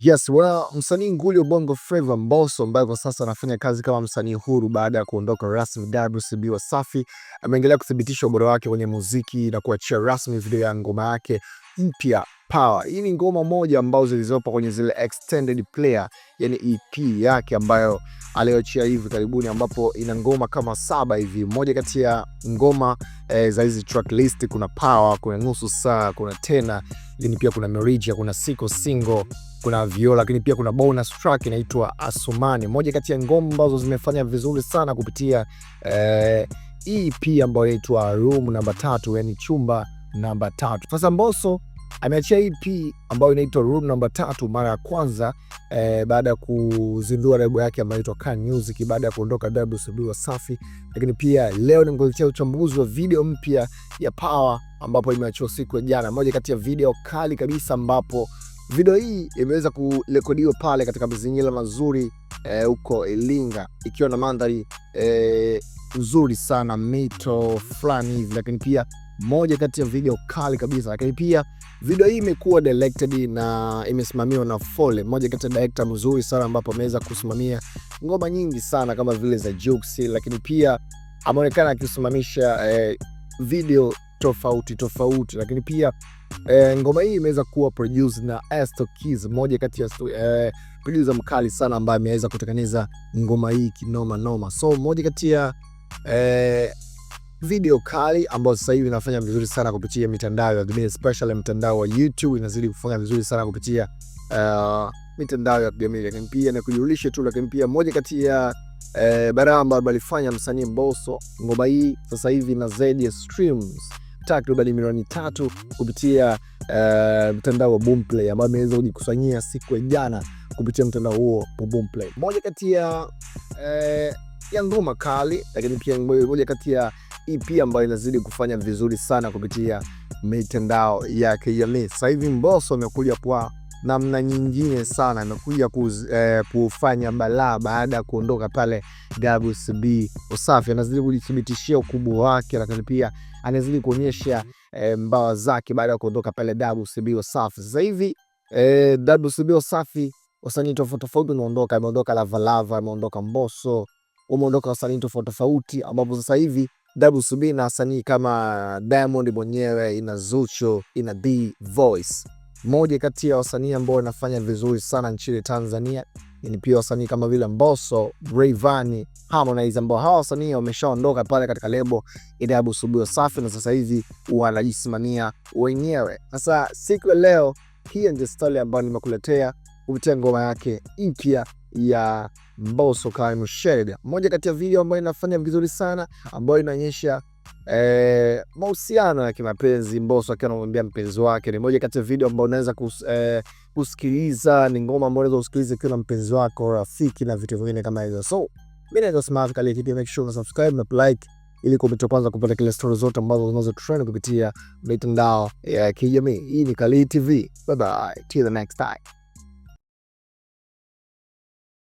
Yes, well, msanii nguli wa Bongo Flava Mbosso ambaye kwa sasa anafanya kazi kama msanii huru baada ya kuondoka rasmi WCB Wasafi, ameendelea kuthibitisha ubora wake kwenye muziki na kuachia rasmi video ya ngoma yake mpya Power. Hii ni ngoma moja ambazo zilizopo kwenye zile extended player, yani EP yake ambayo aliyoachia hivi karibuni, ambapo ina ngoma kama saba hivi. Moja kati ya ngoma e, za hizi track list kuna Power, kuna nusu saa, kuna tena, lakini pia kuna Merija, kuna Siko Single, kuna Viola, lakini pia kuna bonus track inaitwa Asumani, moja kati ya ngoma ambazo zimefanya vizuri sana kupitia eh, EP ambayo inaitwa Room namba tatu, yani chumba namba tatu. Sasa Mbosso ameachia EP ambayo inaitwa Room Number tatu mara ya kwanza eh, baada ya kuzindua lebo yake ambayo inaitwa Khan Music baada ya kuondoka WCB e Wasafi. Lakini pia leo nimekuletea uchambuzi wa video mpya ya Power ambapo imeachiwa siku ya jana, moja kati ya video kali kabisa, ambapo video hii imeweza kurekodiwa pale katika mazingira mazuri eh, huko eh, Ilinga ikiwa na mandhari eh, nzuri sana, mito fulani hivi, lakini pia moja kati ya video kali kabisa, lakini pia video hii imekuwa directed na imesimamiwa na Fole, moja kati ya director mzuri sana, ambapo ameweza kusimamia ngoma nyingi sana kama vile za Jux, lakini pia ameonekana akisimamisha eh, video tofauti tofauti, lakini pia eh, ngoma hii imeweza kuwa produced na Asto Keys, moja kati ya eh, producer mkali sana ambaye ameweza kutengeneza ngoma hii kinoma noma. So moja kati ya eh, video kali ambayo sasa hivi inafanya vizuri sana kupitia mitandao ya kijamii especially mtandao wa YouTube inazidi kufanya vizuri sana kupitia uh, mitandao ya kijamii lakini pia na kujulisha tu, lakini pia moja kati ya eh, baraa ambayo alifanya msanii Mbosso, ngoma hii sasa hivi na zaidi ya streams takriban milioni tatu kupitia uh, mtandao wa Boomplay ambao imeweza kujikusanyia siku ya jana kupitia mtandao huo wa Boomplay. Moja kati ya eh, ya ngoma kali, lakini pia moja kati ya EP ambayo inazidi kufanya vizuri sana kupitia mitandao ya kijamii. Sasa hivi Mbosso amekuja kwa namna nyingine sana, amekuja eh, kufanya balaa baada ya kuondoka pale WCB Wasafi. Anazidi kujithibitishia ukubwa wake, lakini pia anazidi kuonyesha eh, mbawa zake baada ya kuondoka pale WCB Wasafi. Sasa hivi eh, WCB Wasafi wasanii tofauti tofauti wanaondoka, ameondoka Lavalava, ameondoka Mbosso, umeondoka wasanii tofauti tofauti, ambapo sasa hivi Subi na wasanii kama Diamond mwenyewe, ina Zuchu, ina D Voice, moja kati ya wasanii ambao wanafanya vizuri sana nchini Tanzania. Ni pia wasanii kama vile Mbosso, Rayvanny, Harmonize ambao hawa wasanii wameshaondoka pale katika lebo ile ya WCB Wasafi na sasa hivi wanajisimamia wenyewe. Sasa siku ya leo, hii ndio stori ambayo nimekuletea kupitia ngoma yake mpya ya Mbosso Kaimu Sherega, moja kati ya video ambayo inafanya vizuri sana, ambayo inaonyesha eh, mahusiano ya kimapenzi Mbosso akiwa anamwambia mpenzi wake. Ni moja kati ya video ambayo unaweza kus, eh, kusikiliza. Ni ngoma ambayo unaweza kusikiliza ukiwa na mpenzi wako, rafiki na vitu vingine kama hizo. So mimi naitwa Smart kali TV, make sure una subscribe na like ili kupitia kwanza kupata kile stori zote ambazo zinazo trend kupitia mitandao ya kijamii. Hii ni Kali TV. Bye bye. Till the next time.